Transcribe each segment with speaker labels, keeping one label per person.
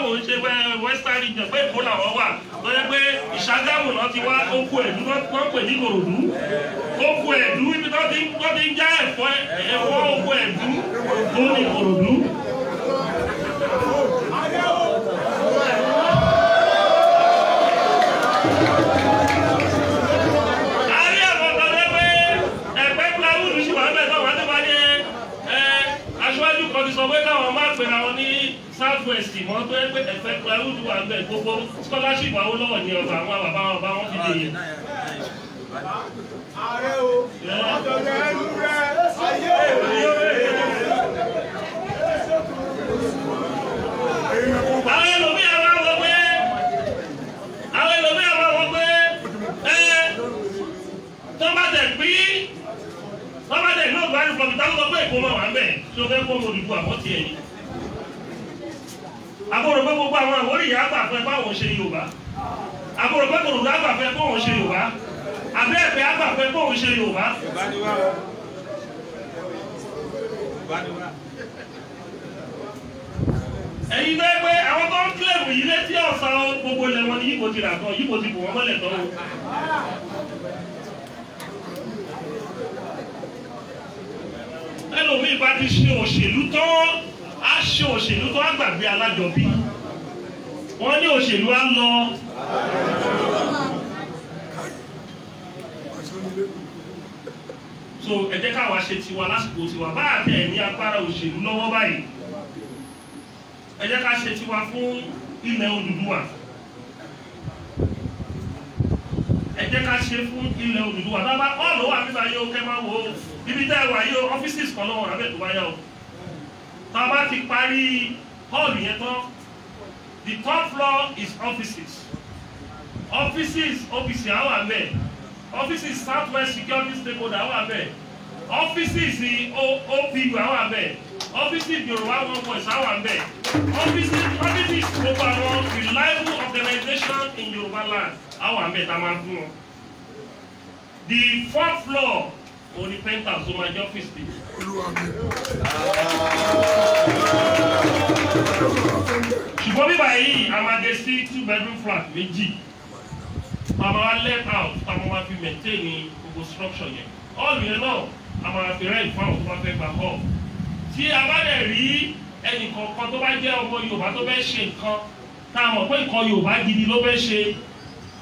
Speaker 1: táwọn ń ṣe western region pé èkó làwọn wà tó yẹ pé ìṣàgámù náà ti wá oko ẹ̀dú náà pè ní ìkòròdú oko ẹ̀dú ibi tó ti ń já ẹ̀fọ́ oko ẹ̀dú tó ní south west mọ́ tó yẹ pé ẹ̀fẹ́ clawood wà ń bẹ̀ gbogbo scholarship àwọn olówó ni ọba àwọn bàbá wọn bá wọn fi dè yìí. ààrẹ o ọ̀dọ̀dọ̀ ẹnu rẹ ayé òye. àwọn ẹlòmíì àwọn àwọn pé àwọn ẹlòmíì àwọn àwọn pé ẹ tó bá tẹ̀ pín tó bá tẹ̀ gbọ́dọ̀ àìsàn tó bá tẹ̀ gbọ́dọ̀ pé èkó máa wà ń bẹ̀ tó fẹ́ kó mo dùbò àbọ̀tì ẹ̀yìn àbúrò pé gbogbo àwọn àwòrán ìyá àgbà fún ẹ báwọn ṣe Yorùbá àbúrò pé gbòòrò àgbà fún ẹ báwọn ṣe Yorùbá àbẹ́ ẹ̀fẹ́ àgbà fún ẹ báwọn ṣe Yorùbá. ẹ̀yin bẹ́ẹ̀ pé àwọn tó ń kílẹ̀mù yìí létí ọ̀sán gbogbo ilẹ̀ wọn ni yìí kò ti rà tán yìí kò ti bù wọ́n mọ́lẹ̀ tán o. ẹlòmíì bá ti ṣe òṣèlú tán á ṣe òṣèlú tó á gbàgbé alájọbí wọ́n ní òṣèlú á lọ. so ẹ jẹ́ káwa ṣe tiwa lásìkò tiwa bá àtẹ ní agbára òṣèlú lọ́wọ́ báyìí ẹ jẹ́ ká ṣe tiwa fún ilẹ̀ Odùduwà ẹ jẹ́ ká ṣe fún ilẹ̀ Odùduwà dábàá ọ̀lọ́wà fífa yóò kẹ́ máa wò ó ibi tá ẹ wà yóò ọ́fíìsì kan lọ́wọ́ rà bẹ́ẹ̀ tó bá yá o tá a bá ti parí hall yẹn tán the top floor is offices offices ọ́fíìsì àwọn àmẹ́ offices southwest security stakeholder àwọn àmẹ́ offices OPU àwọn àmẹ́ offices Yorùbá one voice àwọn àmẹ́ offices offices gbogbo àwọn reliable organization in Yorùbá land àwọn àmẹ́ tá a máa fún wọn the fourth floor oní pẹ́ńtà tó my jọ́ fìsì. ṣùgbọ́n bíbá yìí a máa gé sí two bedroom flat méjì màmá wa let out tàmá wa fi maintain gbogbo structure yẹn all yẹn náà a máa fi rent fún àwọn tó bá fẹ́ gba hall tí a bá dẹ̀ rí ẹnì kọ̀ọ̀kan tó bá jẹ́ ọmọ Yorùbá tó fẹ́ ṣe nǹkan tá a mọ̀ pé nǹkan Yorùbá gidi ló fẹ́ ṣe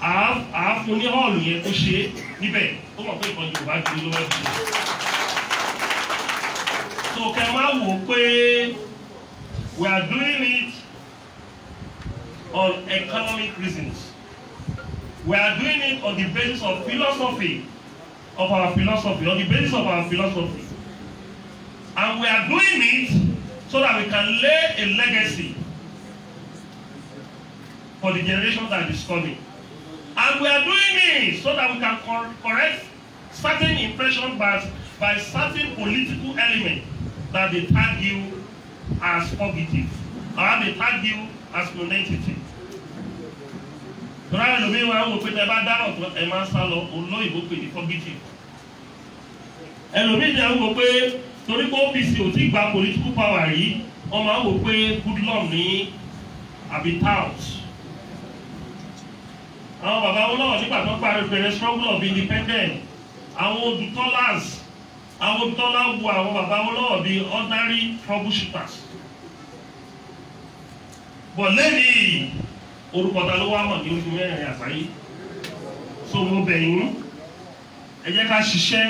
Speaker 1: àá fún ní họ́ọ̀lù yẹn kó ṣe níbẹ̀ ó mọ̀ pé ìkànnì Yorùbá dúró ló wá jù so kẹ máa wò pé we are doing it on economic reasons we are doing it on the basis of philosophy of our philosophy on the basis of our philosophy and we are doing it so that we can lay a legacy for the generation that is coming. And we are doing it so that we can cor correct certain impressions by, by certain political elements that they tag you as positive or they tag you as non-entity. Tọ́lá ẹlòmíì wa wò pé tẹ́lá dá ọ̀tọ̀ ẹ̀ máa sá lọ olóyìnbó pè ní positive. Ẹlòmíì náà wò pé torí pé OPC ò tí gba political power yìí, wọ́n máa wò pé good luck ní àbí àwọn bàbá Awólọ́wọ̀ nígbà tó parí bẹ̀rẹ̀ struggle of independence àwọn olùtọ́lás àwọn olùtọ́lá wo àwọn bàbá Awólọ́wọ̀ bíi ordinary troubleshooters bọ̀ lẹ́yìn orúkọ ta ló wá mọ̀ ní ojú mẹ́rin àgbáyé so mo bẹ̀ yín ẹ jẹ́ ká ṣiṣẹ́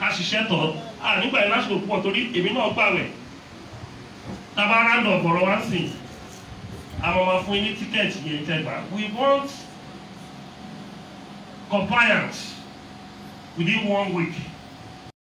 Speaker 1: ká ṣiṣẹ́ tọ̀ à nígbà yẹn lásìkò púpọ̀ torí èmi náà gbàwẹ̀ tábà rándọ̀ bọ̀rọ̀ wá sí i àmọ́ máa fún yín ní tíkẹ́ẹ̀tì yẹn tẹ́gbà we want compliance within one week.